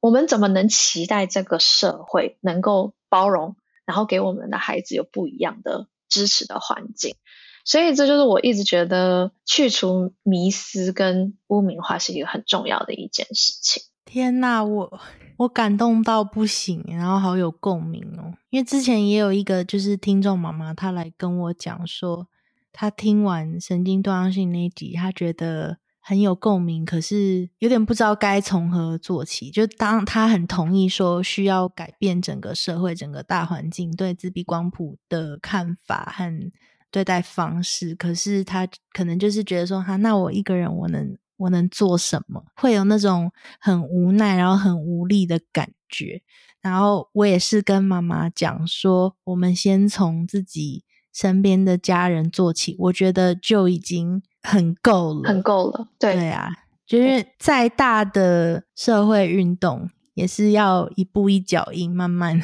我們怎麼能期待這個社會能夠包容，然後給我們的孩子有不一樣的支持的環境？所以這就是我一直覺得去除迷思跟污名化是一個很重要的一件事情。天吶，啊，我我感動到不行，然後好有共鳴哦。因為之前也有一個就是聽眾媽媽，她來跟我講說，她聽完神經多樣性那一集，她覺得。很有共鳴，可是有點不知道該從何做起。就當他很同意說需要改變整個社會、整個大環境對自閉光譜的看法和對待方式，可是他可能就是覺得說：“哈、啊，那我一個人我能我能做什麼？”會有那種很無奈，然後很無力的感覺。然後我也是跟媽媽講說：“我們先從自己身邊的家人做起。”我覺得就已經。很夠了，很夠了，對對啊，就是再大的社會運動，也是要一步一腳印，慢慢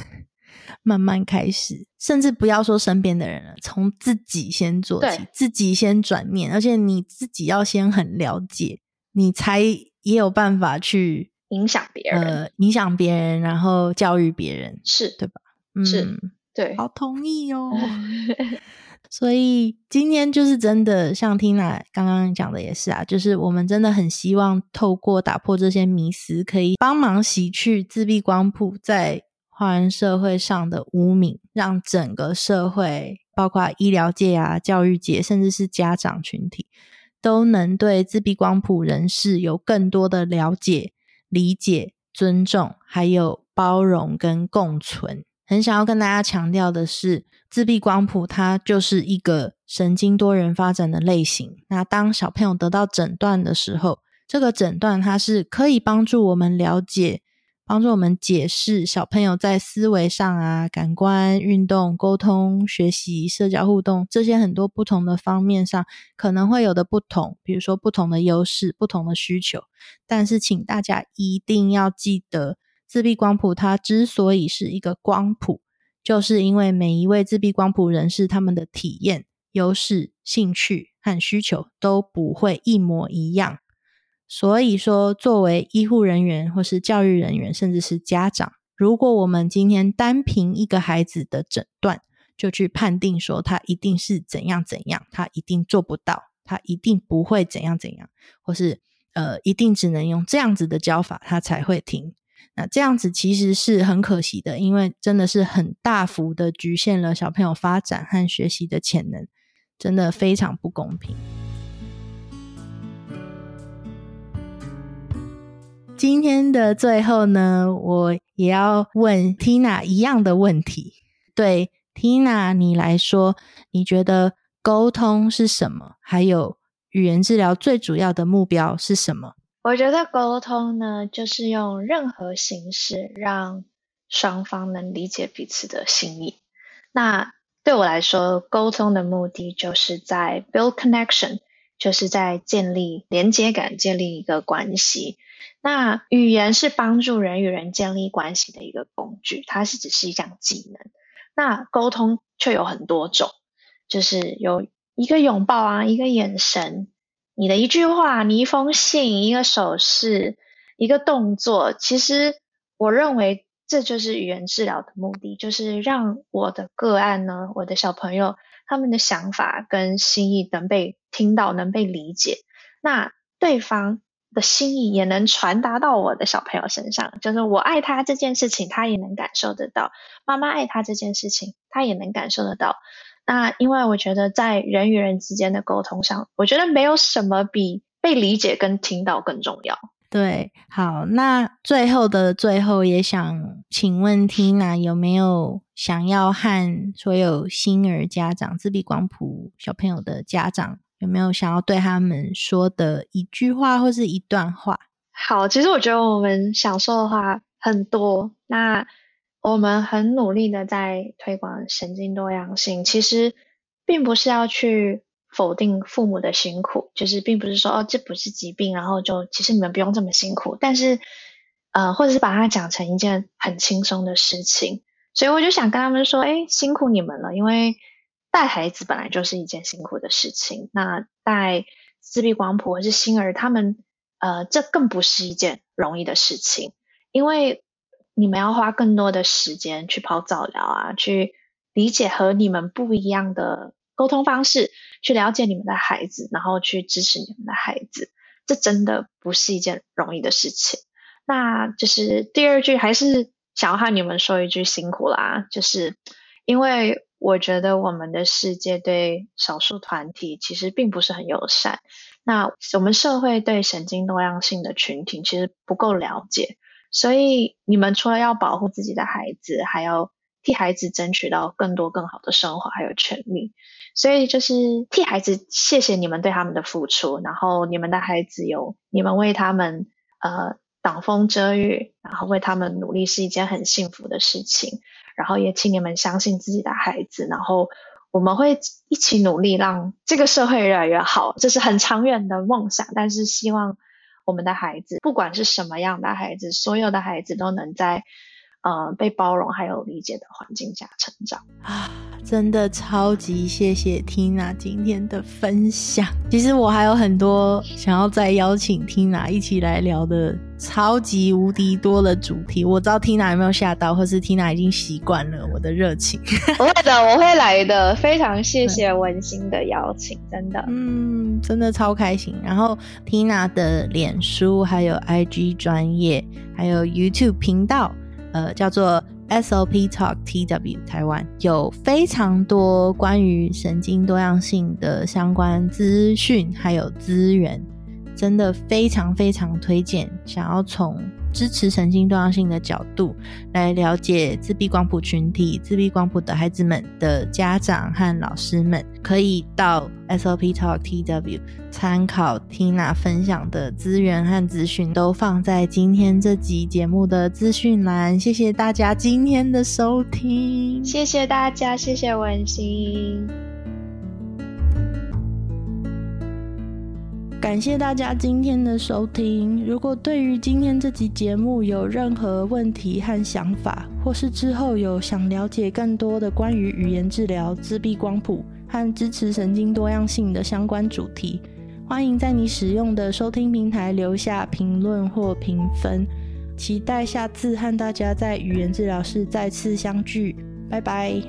慢慢開始，甚至不要說身邊的人了，從自己先做起，自己先轉念。而且你自己要先很了解，你才也有辦法去影響別人，呃，影響別人，然後教育別人，是對吧？嗯。對，好同意哦。 所以今天就是真的，像 Tina 剛剛講的也是啊，就是我們真的很希望透過打破這些迷思，可以幫忙洗去自閉光譜在華人社會上的汙名，讓整個社會，包括醫療界啊、教育界，甚至是家長群體，都能對自閉光譜人士有更多的了解、理解、尊重，還有包容跟共存。很想要跟大家強調的是，自閉光譜它就是一個神經多元發展的類型。那當小朋友得到診斷的時候，這個診斷它是可以幫助我們了解、幫助我們解釋小朋友在思維上啊、感官、運動、溝通、學習、社交互動這些很多不同的方面上可能會有的不同，比如說不同的優勢、不同的需求。但是，請大家一定要記得。自閉光譜，它之所以是一個光譜，就是因為每一位自閉光譜人士他們的體驗、優勢、興趣和需求都不會一模一樣。所以說，作為醫護人員或是教育人員，甚至是家長，如果我們今天單憑一個孩子的診斷就去判定說他一定是怎樣怎樣，他一定做不到，他一定不會怎樣怎樣，或是呃，一定只能用這樣子的教法他才會聽。那這樣子其實是很可惜的，因為真的是很大幅的局限了小朋友發展和學習的潛能，真的非常不公平。今天的最後呢，我也要問 Tina 一樣的問題。對 Tina 你來說，你覺得溝通是什麼？還有語言治療最主要的目標是什麼？我覺得溝通呢，就是用任何形式讓雙方能理解彼此的心意。那對我來說，溝通的目的就是在 build connection，就是在建立連接感，建立一個關係。那語言是幫助人與人建立關係的一個工具，它是只是一項技能。那溝通卻有很多種，就是有一個擁抱啊，一個眼神。你的一句話，你一封信，一個手勢，一個動作，其實我認為這就是語言治療的目的，就是讓我的個案呢，我的小朋友，他們的想法跟心意能被聽到，能被理解。那對方的心意也能傳達到我的小朋友身上，就是我愛他這件事情，他也能感受得到，媽媽愛他這件事情，他也能感受得到。那因為我覺得，在人與人之間的溝通上，我覺得沒有什麼比被理解跟聽到更重要。對，好，那最後的最後，也想請問緹娜啊，有沒有想要和所有星兒家長、自閉光譜小朋友的家長，有沒有想要對他們說的一句話或是一段話？好，其實我覺得我們想說的話很多。那。我們很努力的在推廣神經多樣性，其實並不是要去否定父母的辛苦，就是並不是說，哦，這不是疾病，然後就其實你們不用這麼辛苦，但是呃或者是把它講成一件很輕鬆的事情，所以我就想跟他們說，哎，辛苦你們了，因為帶孩子本來就是一件辛苦的事情，那帶自閉光譜或是星兒他們，呃，這更不是一件容易的事情，因為。你們要花更多的時間去跑早療啊，去理解和你們不一樣的溝通方式，去了解你們的孩子，然後去支持你們的孩子。這真的不是一件容易的事情。那就是第二句，還是想要和你們說一句辛苦啦，就是因為我覺得我們的世界對少數團體其實並不是很友善，那我們社會對神經多樣性的群體其實不夠了解。所以你們除了要保護自己的孩子，還要替孩子爭取到更多更好的生活還有權利。所以就是替孩子，謝謝你們對他們的付出。然後你們的孩子有你們為他們呃擋風遮雨，然後為他們努力是一件很幸福的事情。然後也請你們相信自己的孩子。然後我們會一起努力，讓這個社會越來越好。這是很長遠的夢想，但是希望。我們的孩子，不管是什麼樣的孩子，所有的孩子都能在。呃，被包容還有理解的環境下成長啊，真的超級謝謝 Tina 今天的分享。其實我還有很多想要再邀請 Tina 一起來聊的超級無敵多的主題。我知道 Tina 有沒有嚇到，或是 Tina 已經習慣了我的熱情。 我會的，我會來的。非常謝謝文心的邀請，真的，嗯，真的超開心。然後 Tina 的臉書、還有 IG 專頁，還有 YouTube 頻道，呃、叫做 SLP Talk TW 台灣有非常多關於神經多樣性的相關資訊，還有資源，真的非常非常推薦。想要從支持神經多樣性的角度來了解自閉光譜群體、自閉光譜的孩子們的家長和老師們，可以到 SLPTalk TW 參考 Tina 分享的資源和資訊，都放在今天這集節目的資訊欄。謝謝大家今天的收聽，謝謝大家，謝謝文心。感謝大家今天的收聽。如果對於今天這集節目有任何問題和想法，或是之後有想了解更多的關於語言治療、自閉光譜和支持神經多樣性的相關主題，歡迎在你使用的收聽平台留下評論或評分。期待下次和大家在語言摯聊室再次相聚。拜拜。